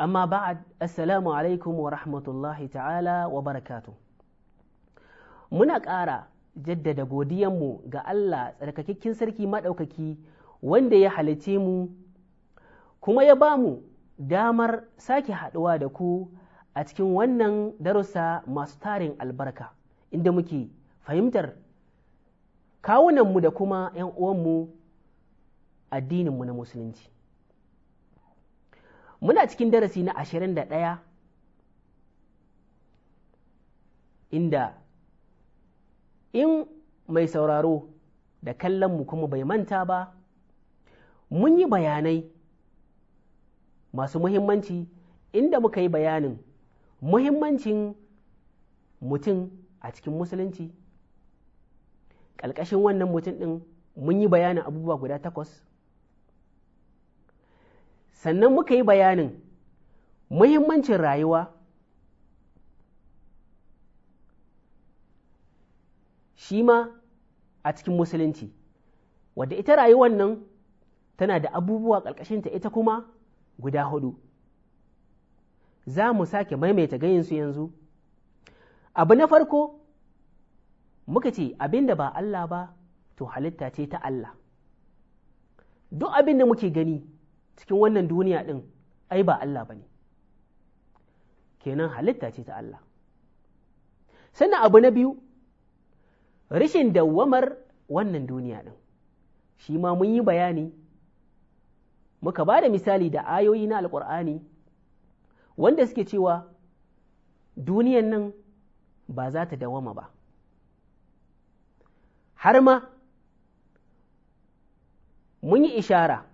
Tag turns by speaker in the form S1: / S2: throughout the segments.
S1: أما بعد السلام عليكم ورحمة ta'ala wa وبركاته muna ƙara jaddada godiyanmu ga Allah tsarkakakken sarki maɗaukaki wanda ya halice mu kuma ya ba mu damar sake haɗuwa da ku a cikin wannan darussa masu tarin albarka inda muke fahimtar kawunanmu da kuma ‘yan uwanmu addininmu na musulunci muna cikin darasi na ashirin da ɗaya inda in mai sauraro da kallon mu kuma bai manta ba mun yi bayanai masu muhimmanci inda muka yi bayanin muhimmancin mutum a cikin musulunci ƙalƙashin wannan mutum ɗin mun yi bayanin abubuwa guda takwas sannan muka yi bayanin muhimmancin rayuwa shi ma a cikin musulunci wadda ita rayuwan nan tana da abubuwa ƙarƙashinta ita kuma guda hudu za mu sake maimaita gayinsu yanzu abu na farko muka ce abin da ba Allah ba to halitta ce ta Allah duk abin da muke gani cikin wannan duniya ɗin ai ba Allah ba ne kenan halitta ce ta Allah sannan abu na biyu rashin dawwamar wannan duniya ɗin shi ma mun yi bayani muka ba da misali da ayoyi na alƙur'ani wanda suke cewa duniyan nan ba za ta dawama ba har ma mun yi ishara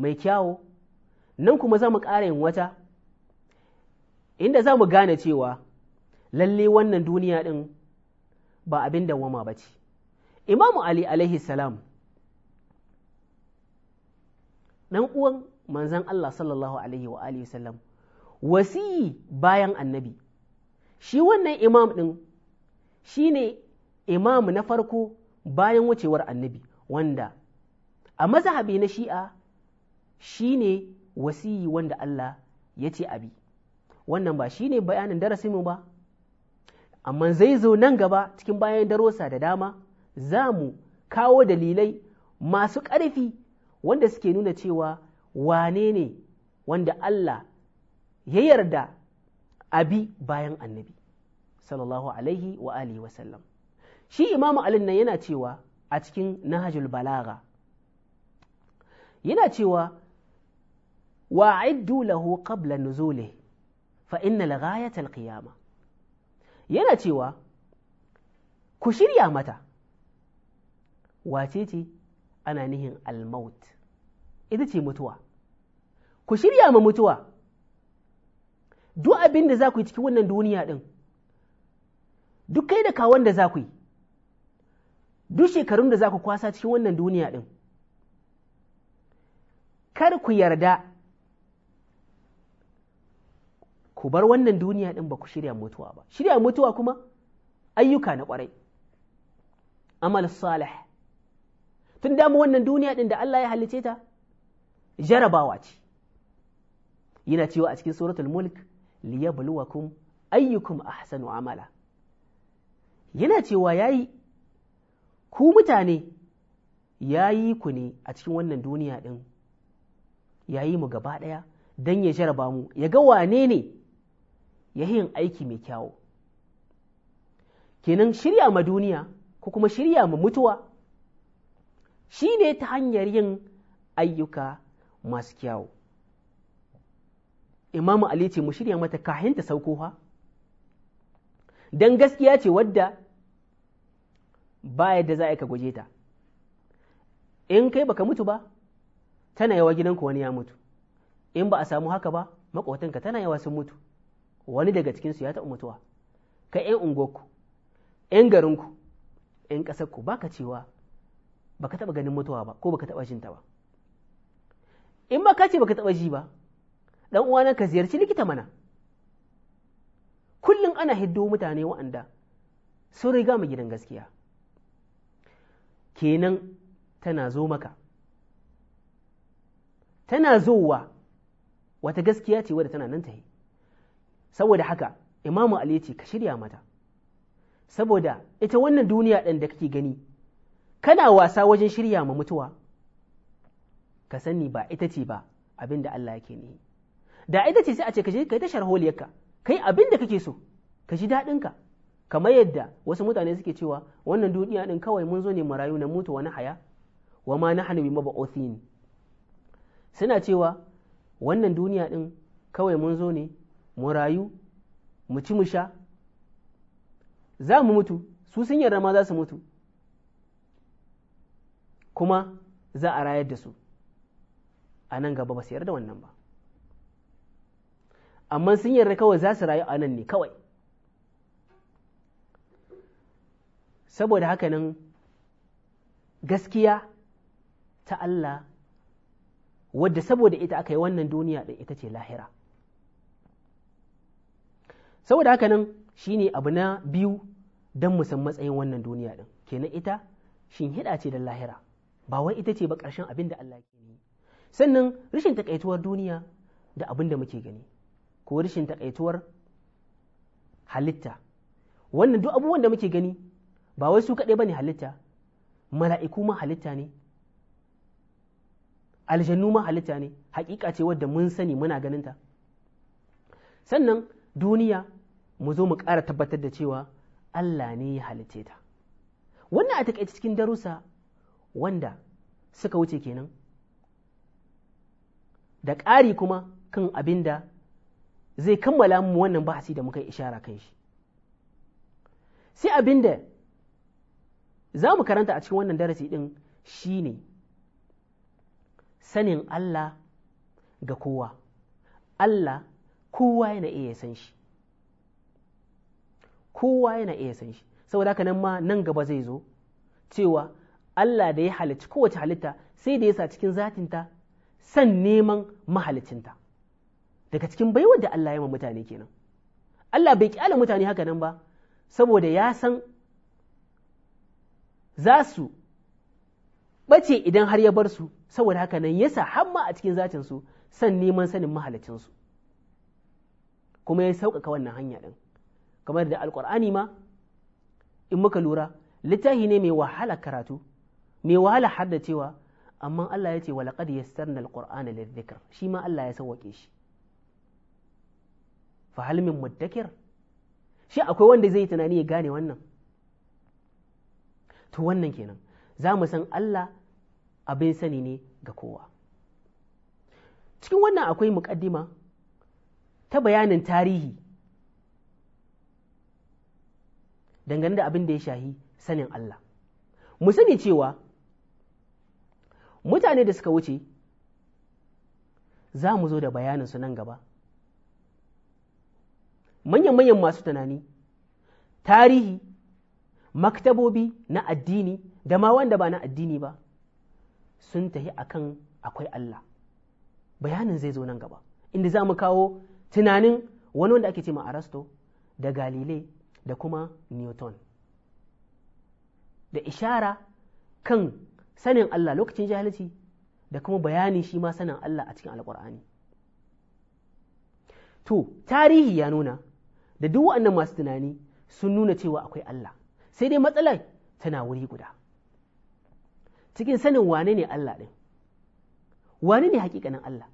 S1: mai kyawo nan kuma za mu ƙara yin wata inda za mu gane cewa lalle wannan duniya ɗin ba abin wama ba ce imamu ali alaihi salam ɗan uwan manzan Allah sallallahu alaihi wa alihi sallam wasi bayan annabi shi wannan imam ɗin shi ne imam na farko bayan wucewar annabi wanda a mazhabi na shi'a shi ne wasiyi wanda Allah ya ce abi wannan ba shi ne bayanin mu ba amma zai zo nan gaba cikin bayan darosa da dama za mu kawo dalilai masu ƙarfi wanda suke nuna cewa wane ne wanda Allah ya yarda abi bayan annabi sallallahu alaihi wa alihi wasallam shi imamu alin nan yana cewa a cikin nahajul balaga yana cewa wa lahu qabla nuzuli fa inna laghayatal qiyama yana cewa ku shirya mata Wacece ce ana nihin almaut ita ce mutuwa ku shirya ma mutuwa duk abin da za ku yi cikin wannan duniya ɗin duk kai da kawon da za ku yi duk shekarun da za kwasa cikin wannan duniya ɗin kar ku yarda ku bar wannan duniya ɗin ba ku shirya mutuwa ba shirya mutuwa kuma ayyuka na kwarai amal salih tun dama wannan duniya ɗin da Allah ya halice ta jarabawa ce yana cewa a cikin suratul mulk liyabluwakum ayyukum ahsanu amala yana cewa yayi ku mutane yayi ku ne a cikin wannan duniya ɗin yayi mu gaba ɗaya don ya jaraba mu ya ga wane ne ya yin aiki mai kyawu kenan shirya ma duniya ko kuma shirya ma mutuwa shi ne ta hanyar yin ayyuka masu kyawu imamu ali ce mu shirya mata kahinta saukowa don gaskiya ce wadda ba da za a ka guje ta in kai baka mutu ba tana yawa gidanku wani ya mutu in ba a samu haka ba maƙotanka tana yawa sun mutu wani daga cikinsu ya taɓa mutuwa ka 'yan unguwarku 'yan garinku 'yan ƙasarku ba ka cewa ba ka taɓa ganin mutuwa ba ko ba ka taɓa jinta ba in ba ka ce ba ka taɓa ji ba ɗan uwana ka ziyarci likita mana kullum ana hiddo mutane waɗanda sun riga mu gidan gaskiya kenan tana zo maka tana zowa wata gaskiya ce wadda tana nan ta yi saboda haka imamu ali ce ka shirya mata saboda ita wannan duniya ɗin da kake gani kana wasa wajen shirya ma mutuwa ka sani ba ita ce ba abin da Allah yake ne da ita ce sai a ce ka je ka yi tashar holiyarka kai abin da kake so ka ji daɗinka kamar yadda wasu mutane suke cewa wannan duniya ɗin kawai mun zo ne mu rayu na mutu wani haya wa ma na hannu ma ba'othin suna cewa wannan duniya ɗin kawai mun zo ne mu rayu mu ci mu sha za mu mutu su sun yarda ma za su mutu kuma za a rayar da su a nan gaba ba su yarda wannan ba amma sun yarda kawai za su rayu a nan ne kawai saboda haka nan gaskiya ta Allah wadda saboda ita aka yi wannan duniya ɗin ita ce lahira saboda haka nan shine abu na biyu don mu san matsayin wannan duniya din kenan ita shin hida ce da lahira ba wai ita ce ba ƙarshen abin da Allah ke yi sannan rashin takaituwar duniya da abin da muke gani ko rashin takaituwar halitta wannan duk abubuwan da muke gani ba wai su kaɗai ba ne halitta mala'iku ma halitta ne aljannu ma halitta ne hakika ce wadda mun sani muna ganin ta? sannan duniya mu zo mu ƙara tabbatar da cewa Allah ne ya halice ta wannan a taƙaice cikin darusa wanda suka wuce kenan da ƙari kuma kan abinda zai kammala mu wannan bahasi da muka ishara kan shi sai abinda za mu karanta a cikin wannan darasi ɗin shi ne sanin Allah ga kowa Allah kowa yana iya san shi kowa yana iya san shi saboda haka nan ma nan gaba zai zo cewa Allah da ya halicci kowace halitta sai da ya sa cikin zatinta san neman mahalicinta daga cikin baiwar da Allah ya ma mutane kenan Allah bai kyale mutane haka nan ba saboda ya san za su bace idan har ya bar su saboda haka nan ya sa hamma a cikin zatinsu san neman sanin mahalicinsu kuma ya sauƙaƙa wannan hanya ɗin kamar da alkur'ani ma in muka lura littafi ne mai wahala karatu mai wahala haddacewa amma Allah ya ce wa laqad yassarna alqur'ana lidhikr shi ma Allah ya sawwake shi fa hal min muddakir shi akwai wanda zai tunani ya gane wannan to wannan kenan za mu san Allah abin sani ne ga kowa cikin wannan akwai muƙaddima ta bayanin tarihi dangane da abin da ya shahi sanin Allah mu sani cewa mutane da suka wuce za mu zo da bayanin su nan gaba manyan-manyan masu tunani tarihi maktabobi na addini da ma wanda ba na addini ba sun tafi akan akwai Allah bayanin zai zo nan gaba inda za mu kawo tunanin wani wanda ake ce ma Arasto da Galilei da kuma newton da ishara kan sanin Allah lokacin jahilci da kuma bayani shi ma sanin Allah a cikin alkur'ani to tarihi ya nuna da duk wannan masu tunani sun nuna cewa akwai Allah sai dai matsalar tana wuri guda cikin sanin wane ne Allah ɗin wane ne hakikanin Allah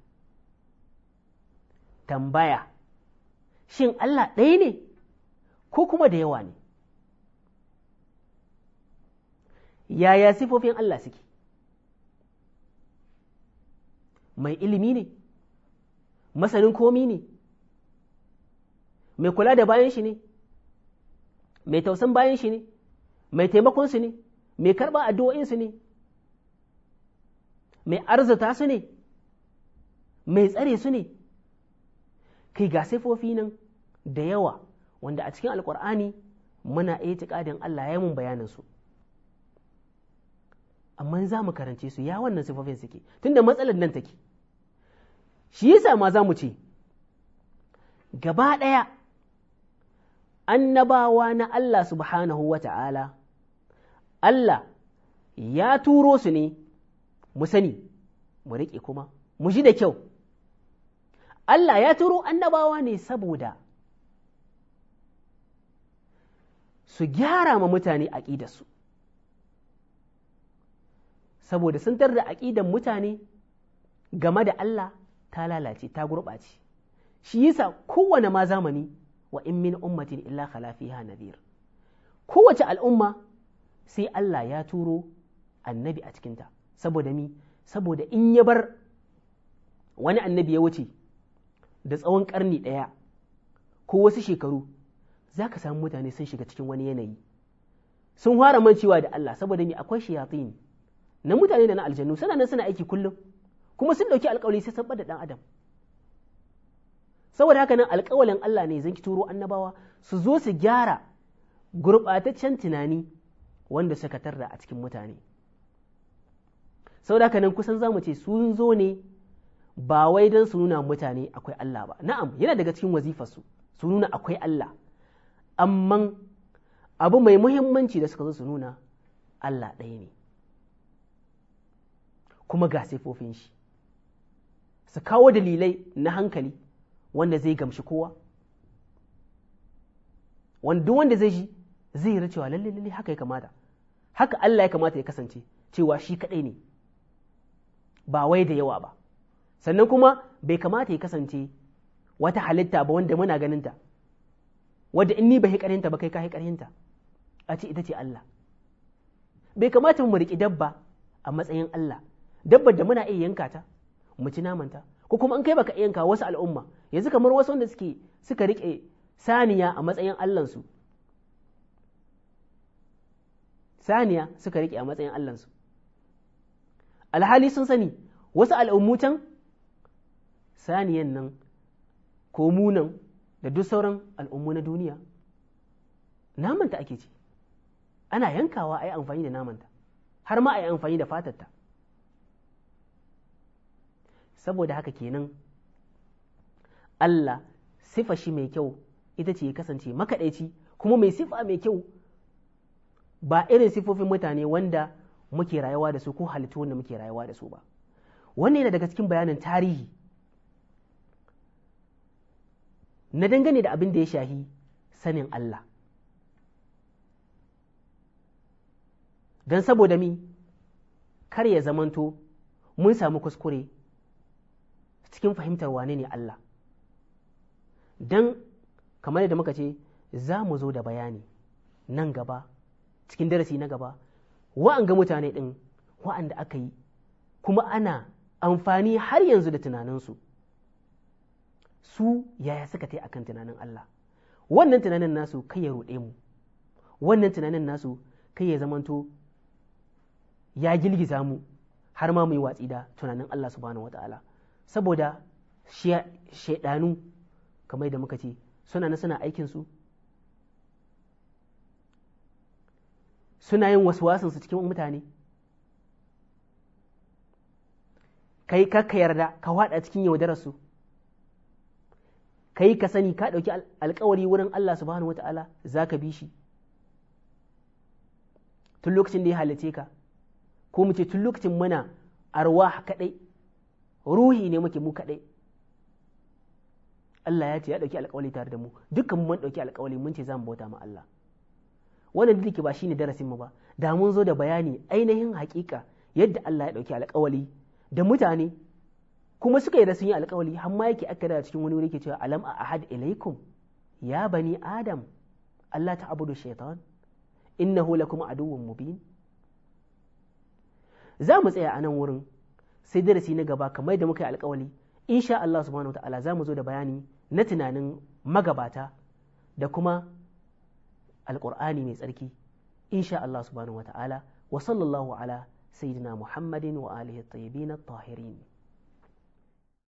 S1: tambaya shin Allah ɗaya ne ko kuma da yawa ne yaya sifofin Allah suke mai ilimi ne masanin komi ne mai kula da bayan shi ne mai tausan bayan shi ne mai taimakon su ne mai karɓa su ne mai arzata su ne mai tsare su ne kai ga sifofin nan da yawa wanda a cikin alkur'ani muna itiƙadin Allah ya mun bayanin su amma za mu karance su ya wannan sifofin suke tunda matsalar nan take shi yasa ma za mu ce gaba ɗaya annabawa na Allah subhanahu wa ta'ala Allah ya turo su ne mu sani mu riƙe kuma mu ji da kyau Allah ya turo annabawa ne saboda su gyara ma mutane aƙidarsu saboda sun tar da aƙidar mutane game da Allah ta lalace ta gurɓace shi yasa kowane ma zamani wa in min ummatin illa khala fiha biyar. kowace al'umma sai Allah ya turo annabi a cikinta saboda mi saboda in ya bar wani annabi ya wuce da tsawon ƙarni ɗaya ko wasu shekaru za ka samu mutane sun shiga cikin wani yanayi sun fara mancewa da Allah saboda me akwai shi shayatin na mutane da na aljannu suna nan suna aiki kullum kuma sun dauki alƙawari sai sabbar da dan adam saboda haka nan alƙawalin Allah ne zan ki turo annabawa su zo su gyara gurɓataccen tunani wanda suka tarda a cikin mutane saboda haka nan kusan zamu ce sun zo ne ba wai don su nuna mutane akwai Allah ba na'am yana daga cikin wazifarsu su nuna akwai Allah amman abu mai muhimmanci da suka zo su nuna Allah ɗaya ne kuma ga sifofin shi su kawo dalilai na hankali wanda zai gamshi kowa wanda wanda zai ji zai yi cewa lalle lalle haka ya kamata haka Allah ya kamata ya kasance cewa shi kaɗai ne ba wai da yawa ba sannan kuma bai kamata ya kasance wata halitta ba wanda muna ganinta wadda in ni ba hikarinta ba kai ka hikarinta a ce ita ce Allah bai kamata mu riƙi dabba a matsayin Allah dabbar da muna iya yanka ta mu ci namanta ko kuma an kai baka yanka wasu al'umma yanzu kamar wasu wanda suke suka riƙe saniya a matsayin Allahnsu saniya suka riƙe a matsayin Allahnsu alhali sun sani wasu al'ummutan saniyan nan ko munan da duk sauran al'ummu na duniya namanta ake ci ana yankawa a yi amfani da namanta har ma a yi amfani da fatarta saboda haka kenan Allah sifa shi mai kyau ita ce ya kasance makaɗaici kuma mai sifa mai kyau ba irin sifofin mutane wanda muke rayuwa da su ko halittu wanda muke rayuwa da su ba wannan yana daga cikin bayanin tarihi na dangane da abin da ya shahi sanin Allah don saboda mi kar ya zamanto mun samu kuskure cikin fahimtar wane ne Allah don kamar yadda muka ce za mu zo da bayani nan gaba cikin darasi na gaba wa'anga mutane ɗin wa'anda aka yi kuma ana amfani har yanzu da tunaninsu su yaya suka tai akan tunanin Allah wannan tunanin nasu kai ya ruɗe mu wannan tunanin nasu kai ya zamanto ya gilgiza mu har ma mu yi watsi da tunanin Allah subhanahu wata'ala saboda shaidanu kamar da muka ce suna na suna su suna yin su cikin mutane kai ka yarda ka wada cikin yaudararsu kai ka sani ka ɗauki alkawari wurin Allah subhanahu wata'ala za ka bi shi tun lokacin da ya halice ka ko mu ce tun lokacin muna arwa kaɗai ruhi ne muke mu kaɗai Allah ya ce ya ɗauki alkawari tare da mu dukkan mun ɗauki alkawari mun ce za mu bauta ma Allah wannan duk ba shine darasin mu ba da mun zo da bayani ainihin haƙiƙa yadda Allah ya ɗauki alkawari da mutane kuma suka da sun yi alkawali har ma yake akkada cikin wani wuri yake cewa alam a ahad ilaikum ya bani adam Allah ta abudu shaitan innahu lakum aduwwun mubin za mu tsaya a nan wurin sai darasi na gaba kamar da muka yi alkawali insha Allah subhanahu wataala za mu zo da bayani na tunanin magabata da kuma Alƙur'ani mai tsarki insha Allah subhanahu wataala wa sallallahu ala sayyidina Muhammadin wa alihi at-tayyibin at-tahirin